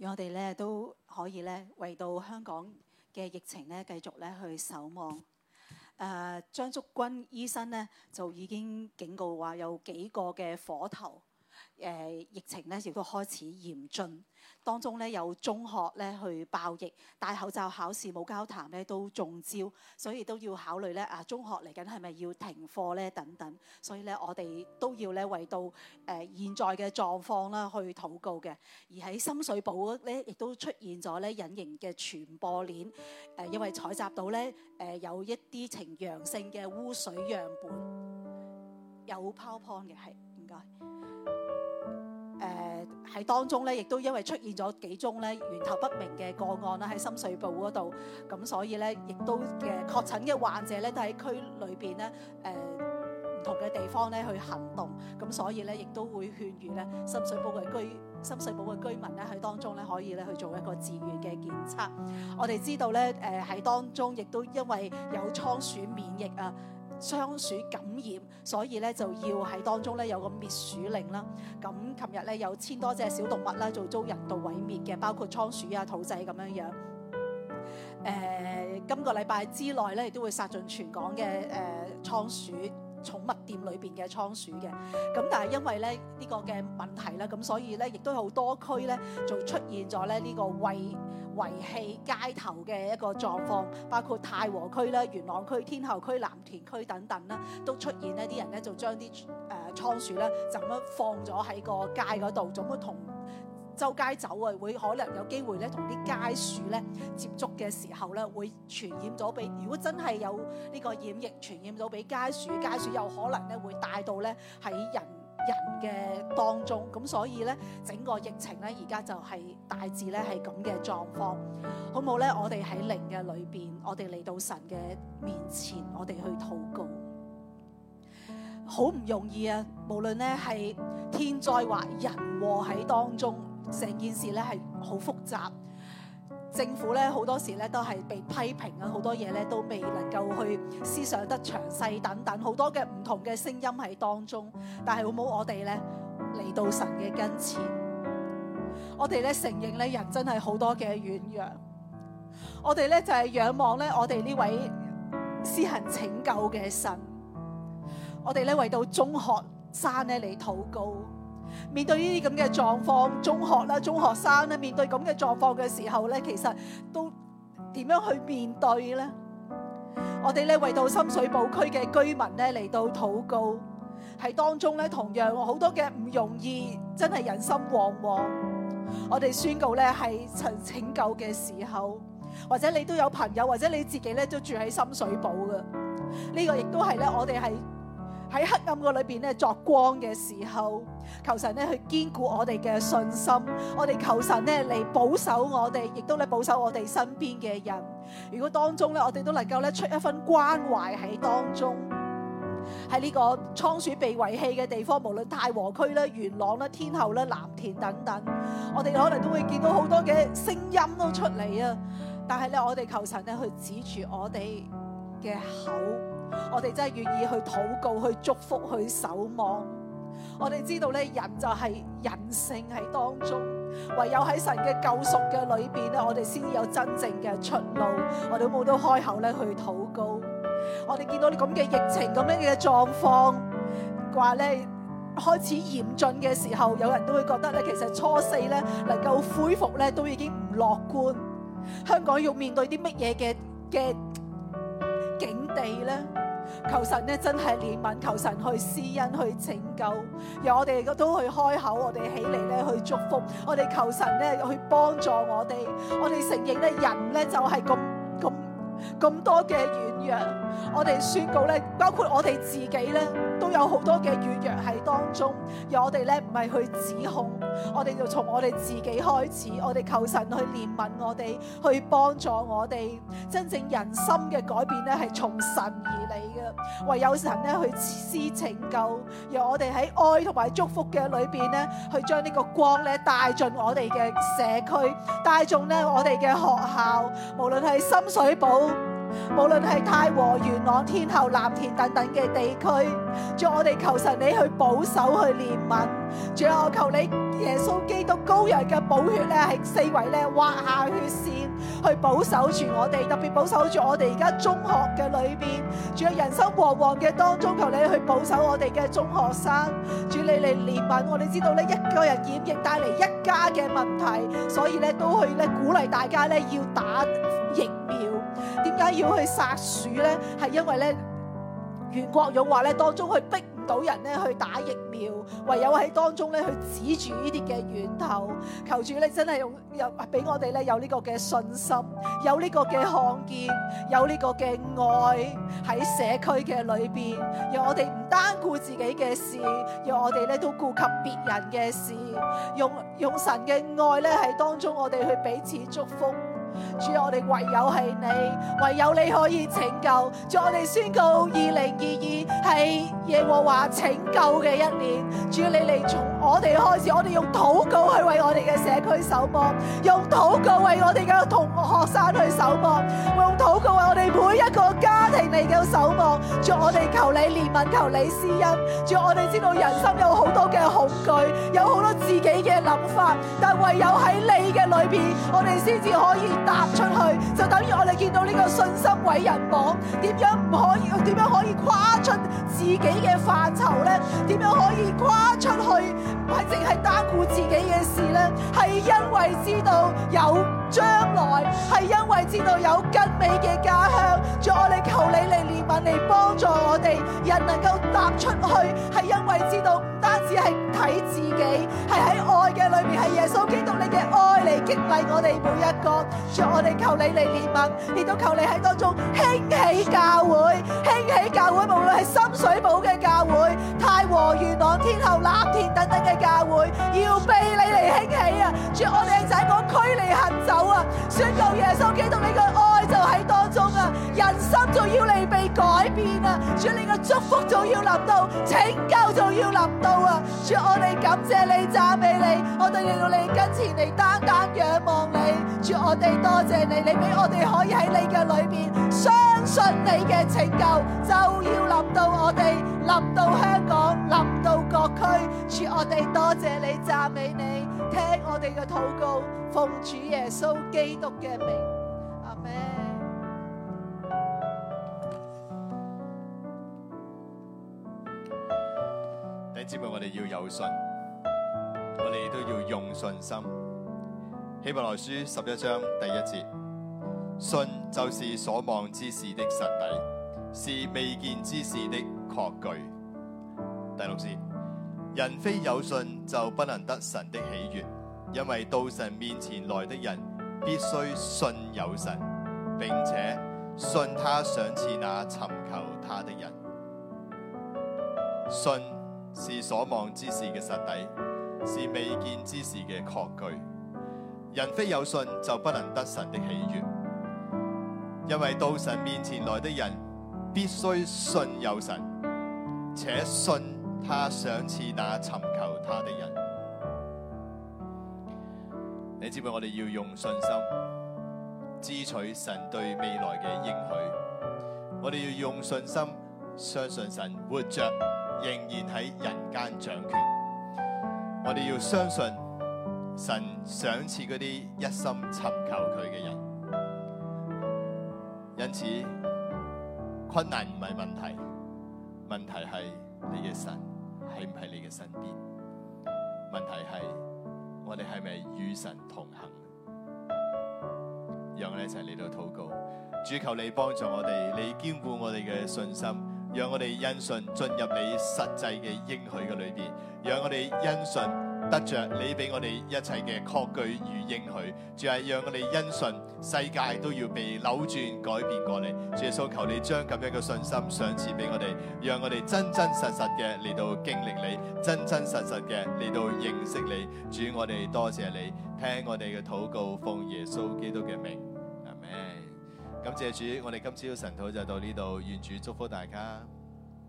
讓我哋咧都可以回為到香港嘅疫情咧繼續去守望。張張竹君醫生就已經警告話有幾個嘅火頭。誒疫情咧亦都開始嚴峻，當中咧有中學咧去爆疫，戴口罩考試冇交談咧都中招，所以都要考慮咧啊中學嚟緊係咪要停課咧等等，所以咧我哋都要咧為到誒現在嘅狀況啦去禱告嘅。而喺深水埗咧亦都出現咗咧隱形嘅傳播鏈，誒因為採集到咧誒有一啲呈陽性嘅污水樣本，有泡 o 嘅係唔該。喺當中咧，亦都因為出現咗幾宗咧源頭不明嘅個案啦，喺深水埗嗰度，咁所以咧，亦都嘅確診嘅患者咧，都喺區裏邊咧，誒唔同嘅地方咧去行動，咁所以咧，亦都會勸喻咧深水埗嘅居深水埗嘅居民咧喺當中咧可以咧去做一個自願嘅檢測。我哋知道咧，誒喺當中亦都因為有倉鼠免疫啊。倉鼠感染，所以咧就要喺當中咧有個滅鼠令啦。咁琴日咧有千多隻小動物啦，就遭人道毀滅嘅，包括倉鼠啊、兔仔咁樣樣。誒、呃，今個禮拜之內咧，亦都會殺盡全港嘅誒、呃、倉鼠。寵物店裏邊嘅倉鼠嘅，咁但係因為咧呢、這個嘅問題啦，咁所以咧亦都好多區咧就出現咗咧呢、這個遺遺棄街頭嘅一個狀況，包括太和區啦、元朗區、天后區、南田區等等啦，都出現、呃、呢啲人咧就將啲誒倉鼠咧就咁樣放咗喺個街嗰度，咁樣同。周街走啊，會可能有機會咧，同啲街鼠咧接觸嘅時候咧，會傳染咗俾。如果真係有呢個染疫，傳染咗俾街鼠，街鼠有可能咧會帶到咧喺人人嘅當中。咁所以咧，整個疫情咧而家就係大致咧係咁嘅狀況，好冇咧？我哋喺靈嘅裏邊，我哋嚟到神嘅面前，我哋去禱告。好唔容易啊！無論咧係天災或人禍喺當中。成件事咧係好複雜，政府咧好多時咧都係被批評啊，好多嘢咧都未能夠去思想得詳細等等，好多嘅唔同嘅聲音喺當中。但係好冇？我哋咧嚟到神嘅跟前，我哋咧承認咧人真係好多嘅軟弱，我哋咧就係仰望咧我哋呢位施行拯救嘅神，我哋咧為到中學生咧嚟禱告。面對呢啲咁嘅狀況，中學啦、中學生啦，面對咁嘅狀況嘅時候咧，其實都點樣去面對呢？我哋咧為到深水埗區嘅居民咧嚟到禱告，喺當中咧同樣好多嘅唔容易，真係人心惶惶。我哋宣告咧係請拯救嘅時候，或者你都有朋友，或者你自己咧都住喺深水埗嘅，呢個亦都係咧我哋係。喺黑暗裏邊咧作光嘅時候，求神咧去堅固我哋嘅信心，我哋求神咧嚟保守我哋，亦都咧保守我哋身邊嘅人。如果當中咧，我哋都能夠咧出一份關懷喺當中。喺呢個倉鼠被遺棄嘅地方，無論太和區咧、元朗咧、天后咧、藍田等等，我哋可能都會見到好多嘅聲音都出嚟啊！但係咧，我哋求神咧去止住我哋嘅口。我哋真係願意去禱告、去祝福、去守望。我哋知道咧，人就係人性喺當中，唯有喺神嘅救贖嘅裏邊咧，我哋先至有真正嘅出路。我哋都冇得開口咧去禱告。我哋見到啲咁嘅疫情咁樣嘅狀況，話咧開始嚴峻嘅時候，有人都會覺得咧，其實初四咧能夠恢復咧都已經唔樂觀。香港要面對啲乜嘢嘅嘅境地咧？求神咧真係憐憫，求神去施恩去拯救，由我哋都去開口，我哋起嚟咧去祝福，我哋求神咧去幫助我哋，我哋承認咧人咧就係咁。咁多嘅軟弱，我哋宣告咧，包括我哋自己咧，都有好多嘅軟弱喺當中。而我哋咧唔係去指控，我哋就從我哋自己開始，我哋求神去憐憫我哋，去幫助我哋。真正人心嘅改變咧，係從神而嚟嘅，唯有神咧去施拯救。由我哋喺愛同埋祝福嘅裏邊咧，去將呢個光咧帶進我哋嘅社區，帶進咧我哋嘅學校，無論係深水埗，無論係太和、元朗、天后、藍田等等嘅地區，主，我哋求神你去保守，去憐憫。主啊，我求你耶穌基督高人嘅寶血咧，係四圍咧劃下血線，去保守住我哋，特別保守住我哋而家中學嘅裏邊。主啊，人生惶惶嘅當中，求你去保守我哋嘅中學生，主你嚟憐憫我哋，知道咧一個人染疫帶嚟一家嘅問題，所以咧都去咧鼓勵大家咧要打疫苗。點解要去殺鼠呢？係因為呢，袁國勇話咧當中佢逼唔到人咧去打疫苗，唯有喺當中咧去指住呢啲嘅源頭。求主咧真係用,用給我們有俾我哋咧有呢個嘅信心，有呢個嘅看見，有呢個嘅愛喺社區嘅裏邊。讓我哋唔單顧自己嘅事，讓我哋咧都顧及別人嘅事，用用神嘅愛咧喺當中我哋去彼此祝福。主要我哋唯有係你，唯有你可以拯救。在我哋宣告，二零二二係耶和華拯救嘅一年。主要你嚟從。我哋開始，我哋用禱告去為我哋嘅社區守望，用禱告為我哋嘅同學學生去守望，用禱告為我哋每一個家庭嚟嘅守望。主，我哋求你憐憫，求你施恩。主，我哋知道人生有好多嘅恐懼，有好多自己嘅諗法，但唯有喺你嘅裏面，我哋先至可以踏出去。就等於我哋見到呢個信心偉人榜，點樣唔可以？點樣可以跨出自己嘅範疇呢？點樣可以跨出去？唔係淨係單顧自己嘅事咧，係因為知道有將來，係因為知道有更美嘅家鄉。主，我哋求你嚟憐憫嚟幫助我哋人能夠踏出去，係因為知道唔單止係睇自己，係喺愛嘅裏邊，係耶穌基督你嘅愛嚟激勵我哋每一個。主，我哋求你嚟憐憫，亦都求你喺當中興起教會，興起教會，無論係深水埗嘅教會、太和元朗天后啦。接受基督，你嘅愛就喺當中啊！人心仲要你。主，你嘅祝福就要臨到，拯救就要臨到啊！主，我哋感謝你、讚美你，我哋來到你跟前嚟，單單仰望你。主，我哋多謝你，你俾我哋可以喺你嘅裏邊相信你嘅拯救，就要臨到我哋，臨到香港，臨到各區。主，我哋多謝你、讚美你，聽我哋嘅禱告，奉主耶穌基督嘅名，阿門。只係我哋要有信，我哋都要用信心。希伯來書十一章第一節：信就是所望之事的實底，是未見之事的確據。第六節：人非有信就不能得神的喜悦，因為到神面前來的人必須信有神，並且信他賞賜那尋求他的人。信。是所望之事嘅實底，是未見之事嘅確據。人非有信就不能得神的喜悅，因為到神面前來的人必須信有神，且信他賞賜那尋求他的人。你知唔知我哋要用信心支取神對未來嘅應許？我哋要用信心相信神活着，仍然喺人間掌權，我哋要相信神賞賜嗰啲一心尋求佢嘅人。因此，困難唔係問題，問題係你嘅神喺唔喺你嘅身邊？問題係我哋係咪與神同行？讓我哋一齊嚟到禱告，主求你幫助我哋，你堅固我哋嘅信心。讓我哋因信進入你實際嘅應許嘅裏邊，讓我哋因信得着你俾我哋一切嘅確據與應許，仲係，讓我哋因信世界都要被扭轉改變過嚟。主耶穌，求你將咁樣嘅信心賞賜俾我哋，讓我哋真真實實嘅嚟到經歷你，真真實實嘅嚟到認識你。主，我哋多謝你，聽我哋嘅禱告，奉耶穌基督嘅名。感謝主，我哋今朝晨禱就到呢度，願主祝福大家。